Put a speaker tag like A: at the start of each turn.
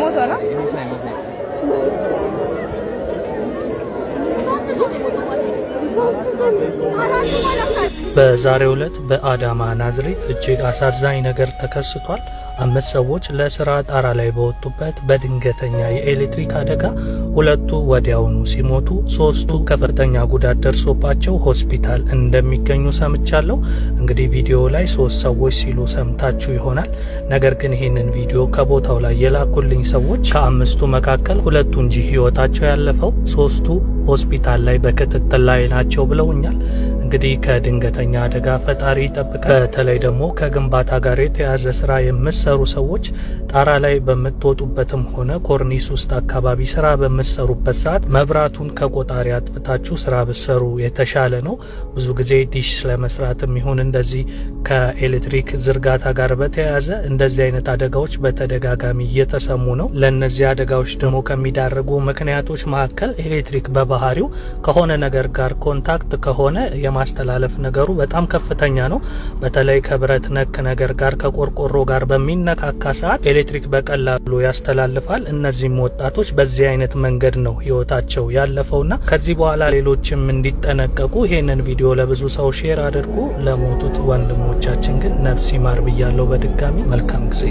A: ሞቶ ነው። በዛሬው ዕለት በአዳማ ናዝሬት እጅግ አሳዛኝ ነገር ተከስቷል። አምስት ሰዎች ለስራ ጣራ ላይ በወጡበት በድንገተኛ የኤሌክትሪክ አደጋ ሁለቱ ወዲያውኑ ሲሞቱ ሶስቱ ከፍተኛ ጉዳት ደርሶባቸው ሆስፒታል እንደሚገኙ ሰምቻለሁ። እንግዲህ ቪዲዮ ላይ ሶስት ሰዎች ሲሉ ሰምታችሁ ይሆናል። ነገር ግን ይህንን ቪዲዮ ከቦታው ላይ የላኩልኝ ሰዎች ከአምስቱ መካከል ሁለቱ እንጂ ህይወታቸው ያለፈው ሶስቱ ሆስፒታል ላይ በክትትል ላይ ናቸው ብለውኛል። እንግዲህ ከድንገተኛ አደጋ ፈጣሪ ይጠብቃል። በተለይ ደግሞ ከግንባታ ጋር የተያዘ ስራ የምትሰሩ ሰዎች ጣራ ላይ በምትወጡበትም ሆነ ኮርኒስ ውስጥ አካባቢ ስራ በምትሰሩበት ሰዓት መብራቱን ከቆጣሪ አጥፍታችሁ ስራ ብትሰሩ የተሻለ ነው። ብዙ ጊዜ ዲሽ ለመስራት የሚሆን እንደዚህ ከኤሌክትሪክ ዝርጋታ ጋር በተያያዘ እንደዚህ አይነት አደጋዎች በተደጋጋሚ እየተሰሙ ነው። ለእነዚህ አደጋዎች ደግሞ ከሚዳረጉ ምክንያቶች መካከል ኤሌክትሪክ በባህሪው ከሆነ ነገር ጋር ኮንታክት ከሆነ የማስተላለፍ ነገሩ በጣም ከፍተኛ ነው። በተለይ ከብረት ነክ ነገር ጋር ከቆርቆሮ ጋር በሚነካካ ሰዓት ኤሌክትሪክ በቀላሉ ያስተላልፋል። እነዚህም ወጣቶች በዚህ አይነት መንገድ ነው ህይወታቸው ያለፈውና ከዚህ በኋላ ሌሎችም እንዲጠነቀቁ ይህንን ቪዲዮ ለብዙ ሰው ሼር አድርጉ። ለሞቱት ወንድሞቻችን ግን ነፍስ ይማር ብያለው። በድጋሚ መልካም ጊዜ